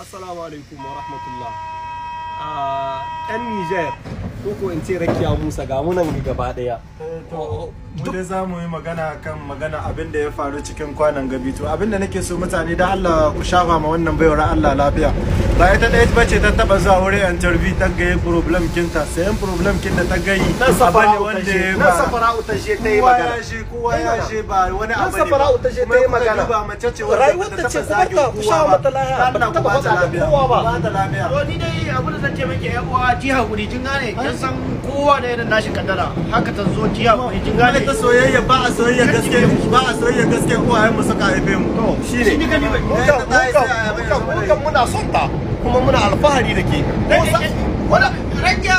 السلام عليكم ورحمه الله النيجر آه، ko in ce rakiya musa ga munan gaba daya eh, mu dai za mu yi magana kan magana abin da ya faru cikin kwanan gabi to abin da nake so mutane da Allah ku shafa ma wannan baiwar Allah lafiya ba ita da ita bace ta taba zuwa an tarbi ta ga problem kinta sayan problem kin da ta gayi na safara wanda na safara uta je ta yi magana shi kowa ya je ba wani abu ne safara uta je ta yi magana ba mace ce wanda rayuwar ta ce kuma ta ku sha mata lafiya ba ta ba ta lafiya ba ta lafiya to ni dai abin da zan ce miki ya uwa ji hakuri kin gane san kowa da yadda nashi kadara haka ta zo jiya mai jin gane ta soyayya ba a soyayya gaske ba a soyayya gaske uwayen mu suka haife mu to shine ni gani bai mukan muna son ta kuma muna alfahari da ke wala rakiya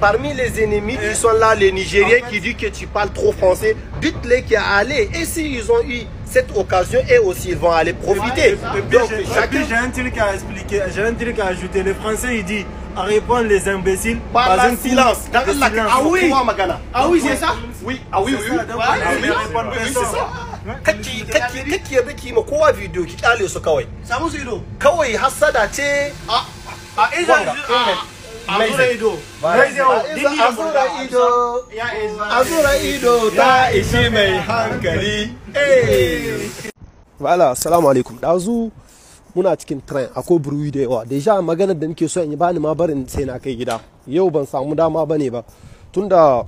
Parmi les ennemis qui sont là, les Nigériens qui disent que tu parles trop français, dites-les qu'il y a allé. Et s'ils ont eu cette occasion, eux aussi, ils vont aller profiter. j'ai un truc à expliquer, j'ai un truc à ajouter. Les Français, il dit, à répondre les imbéciles par, un silence. silence. Ah, ah oui, ah oui c'est ça Oui, ah oui, oui. oui, c'est ça. ce Azura Ido. Azura Ido ta ishi mai hankali. Wala, assalamu alaikum. Dazu muna cikin train akwai buruyi da yawa. Deja maganar da nake so in yi bani ma barin sai na kai gida. Yau ban samu dama ne ba. Tunda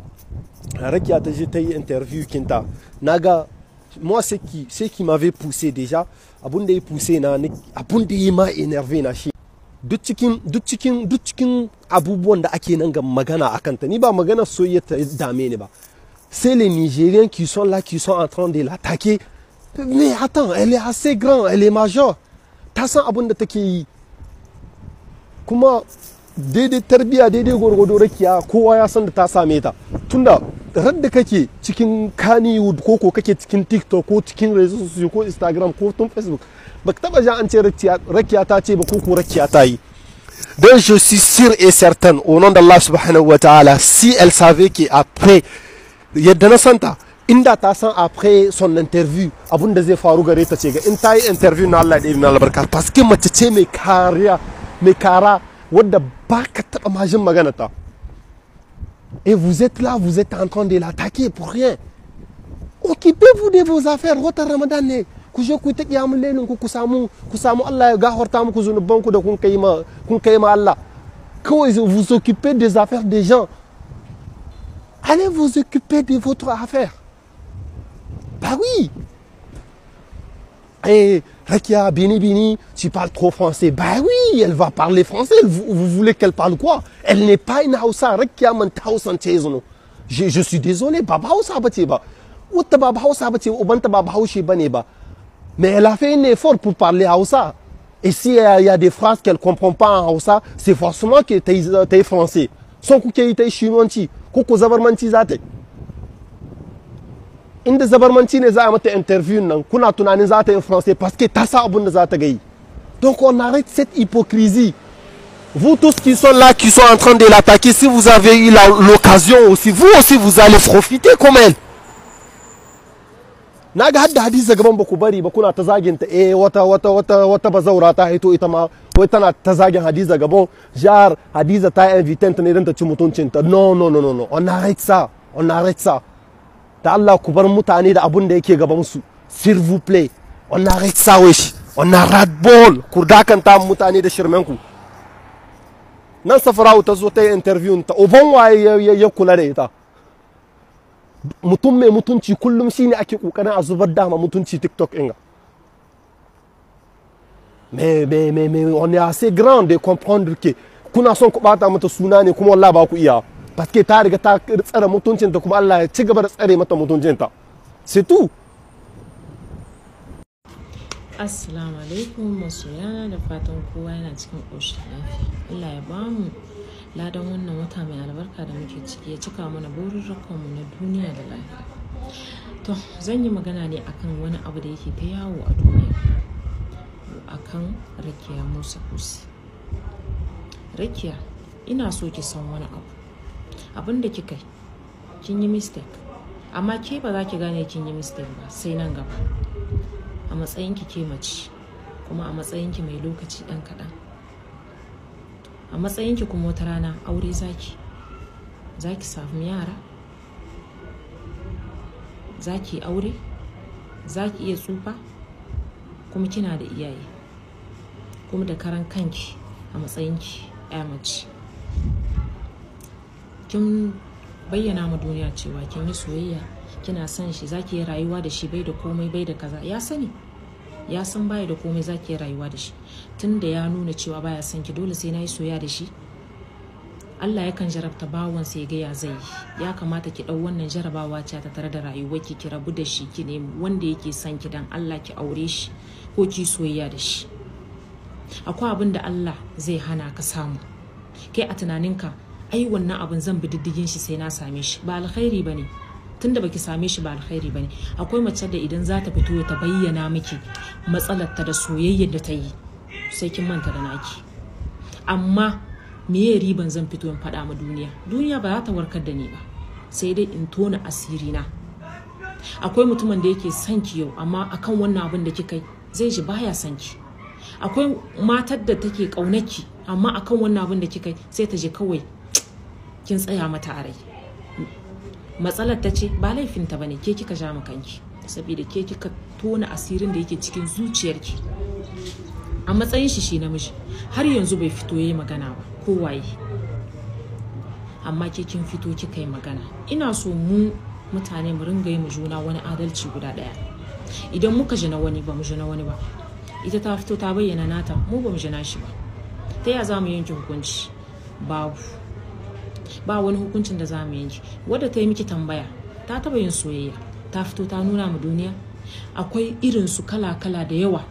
Rakiya ta je ta yi interview kinta. Na ga moi ce qui, ce qui m'avait poussé déjà, abun da ya poussé na abun da ya ma énervé na shi. duk cikin duk cikin duk abubuwan da ake nan ga magana a kanta ni ba magana soyayya ta dame ni ba c'est les nigerian qui sont là qui sont en train de l'attaquer mais attends elle est assez grand elle est major ta san abin da take yi kuma daidai tarbiya daidai gwargwado rakiya kowa ya san da ta same ta tunda radda kake cikin kaniwood ko ko kake cikin tiktok ko cikin resources ko instagram ko tun facebook baka ka taba ja an ce rakiya ta ce ba ko ko rakiya ta yi donc je suis sûr et certain au nom d'Allah subhanahu wa ta'ala si elle savait que après yadda na santa inda ta san après son interview abun da zai faru gare ta ce ga in ta yi interview na Allah da ibn albarka parce que mace ce mai kariya mai kara wadda baka taba majin magana ta et vous êtes là, vous êtes en train de l'attaquer pour rien. Occupez-vous de vos affaires. Rota Ramadan vous occupez des affaires des gens. Allez vous occuper de votre affaire. Bah oui. Et Rekia, Bini Bini, tu parles trop français. Ben oui, elle va parler français. Vous, voulez qu'elle parle quoi Elle n'est pas une Hausa. Rekia, man Hausa je, je suis désolé, Baba Hausa Batiba. Baba Hausa Batiba, Baba bah, bah. Mais elle a fait un effort pour parler Hausa. Et si il y a des phrases qu'elle ne comprend pas en Hausa, c'est forcément que tu es français. Sans que tu es chimanti, que tu es inda zabarmanci ne za a mata interview nan kuna tunanin za ta yi français parce que ta sa abin da za ta ga donc on arrête cette hypocrisie vous tous qui sont là qui sont en train de l'attaquer si vous avez eu l'occasion aussi vous aussi vous allez profiter comme elle na ga hadiza gaban ba ku bari ba kuna ta zagin eh wata wata wata wata bazaura ta haito ita ma wai tana ta zagin hadiza gaban jar hadiza ta invite ne Non, ta ci mutuncin ta non non non non on arrête ça on arrête ça da Allah ku bar mutane da abun da yake gabansu s'il vous play on arrête ça wesh on a rat ball ku dakanta mutane da shirmen ku nan safara'u ta zo ta yi interview ta uban waye ya kula da ita mutum mai mutunci kullum shine ake kokarin a zubar dama mutunci tiktok inga mais mais mais on est assez grand de comprendre que kuna son ku bata mata suna ne kuma wallahi ba ku iya paske ta riga ta tsare mutuncinta kuma Allah ya ci gaba da tsare mata mutuncinta sai tu assalamu alaikum masoyana da fatan kowa yana cikin ƙoshin lafiya Allah ya bamu ladan wannan wata mai albarka da muke ciki ya cika mana mu na duniya da lafiya to zan yi magana ne akan wani abu da yake ta yawo a duniya akan rakiya musa kusi rakiya ina so ki san wani abu abin da kika yi kin yi mistake amma ke ba za ki gane kin yi mistake ba sai nan gaba a matsayinki ke mace kuma a matsayinki mai lokaci ɗan kaɗan a matsayinki kuma wata rana aure zaki zaki samu yara zaki aure zaki iya tsufa kuma kina da iyaye kuma da karan kanki a matsayinki ki ya mace kin bayyana ma duniya cewa kin yi soyayya kina son shi zaki yi rayuwa da shi bai da komai bai da kaza ya sani ya san baya da komai zaki yi rayuwa da shi tunda ya nuna cewa baya son ki dole sai na yi soyayya da shi Allah yakan jarabta bawon sai ga ya zai ya kamata ki dau wannan jarabawa ce ta tare da rayuwar ki ki rabu da shi ki ne wanda yake son ki dan Allah ki aure shi ko ki soyayya da shi akwai abin da Allah zai hana ka samu kai a tunaninka ai wannan abun zan bi diddigin shi sai na same shi ba alkhairi bane tunda baki same shi ba alkhairi bane akwai mace da idan za ta fito ta bayyana miki matsalar ta da soyayyar da ta yi sai kin manta da naki amma meye riban zan fito in faɗa ma duniya duniya ba za ta warkar da ni ba sai dai in tona asiri na akwai mutumin da yake son ki yau amma akan wannan abin da kika zai ji baya son ki akwai matar da take ƙaunaki amma akan wannan abin da kika yi sai ta je kawai kin tsaya mata a rai matsalar ta ce ba laifinta ba ne ke kika ja mu kanki saboda ke kika tona asirin da yake cikin zuciyarki a matsayin shi shi namiji har yanzu bai fito ya yayi magana ba ko waye amma ke kin fito kika yi magana ina so mu mutane mu ringa yi mu juna wani adalci guda ɗaya. idan muka ji na wani ba mu ji na wani ba ita ta fito ta bayyana nata mu ba mu ji shi ba ta ya za mu yanke hukunci babu ba wani hukuncin da za mu yanki wadda ta yi miki tambaya ta taba yin soyayya ta fito ta nuna mu duniya akwai irin su kala-kala da yawa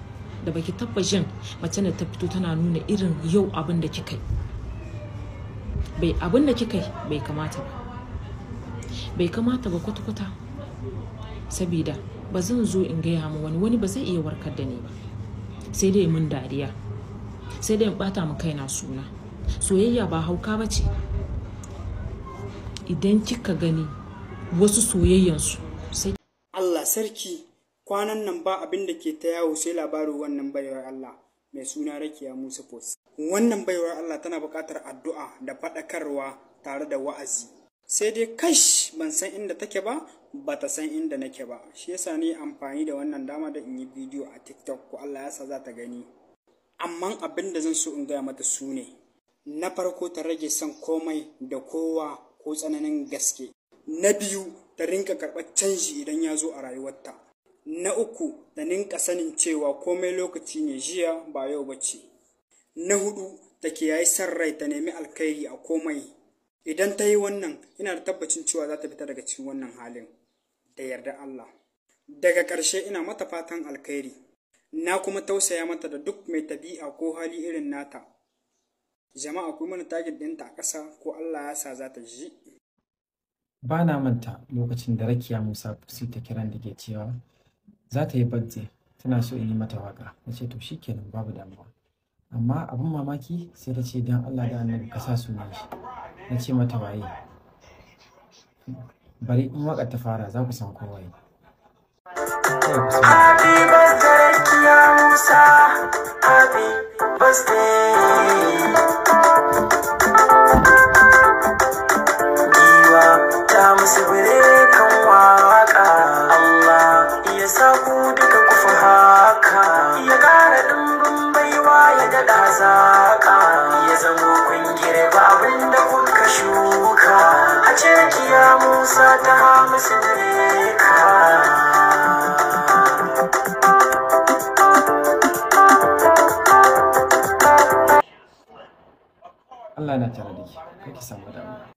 da baki tabbacin mace da ta fito tana nuna irin yau abin da kika bai abin da kika bai kamata ba bai kamata ba kwata-kwata sabida ba zan zo in gaya ma wani wani ba zai iya warkar da ni ba sai dai mun dariya sai dai in bata mu kaina suna soyayya ba hauka ba ce idan kika gani wasu soyayyansu sai Allah sarki kwanan nan ba abin da ke ta yawo sai labarin wannan baiwar Allah mai suna Rakiya Musa Fos wannan baiwar Allah tana buƙatar addu'a da faɗakarwa tare da wa'azi sai dai kash ban san inda take ba ba ta san inda nake ba shi yasa ne amfani da wannan dama da in yi bidiyo a tiktok ko allah ya sa za ta gani amma abin da zan so in gaya mata su ne na farko ta rage son komai da kowa ko tsananin gaske na biyu ta rinka karɓar canji idan ya zo a rayuwarta na uku ta ninka sanin cewa komai lokaci ne jiya ba yau ba ce na hudu ta yayi san rai ta nemi alkhairi a komai idan ta yi wannan ina da tabbacin cewa za ta fita daga cikin wannan halin da yarda Allah daga ƙarshe ina mata fatan alkhairi na kuma tausaya mata da duk mai tabi'a ko hali irin nata Jama'a ku yi mana tagin ɗinta a ƙasa ko Allah ya sa za ta ji. Ba na manta lokacin da Rakiya Musa Fusi ta kiran da ke cewa za ta yi birthday tana so in yi mata waƙa. Na ce to shikenan babu damuwa. Amma abin mamaki sai ta ce don Allah da annabi ka sa sunan shi. Na ce mata waye. Bari in waƙa ta fara za ku san kowa ne. Happy birthday Rakiya Musa. Happy birthday. sa ta hamisu gare ka Allah na tare da ki, kake samu damuwa.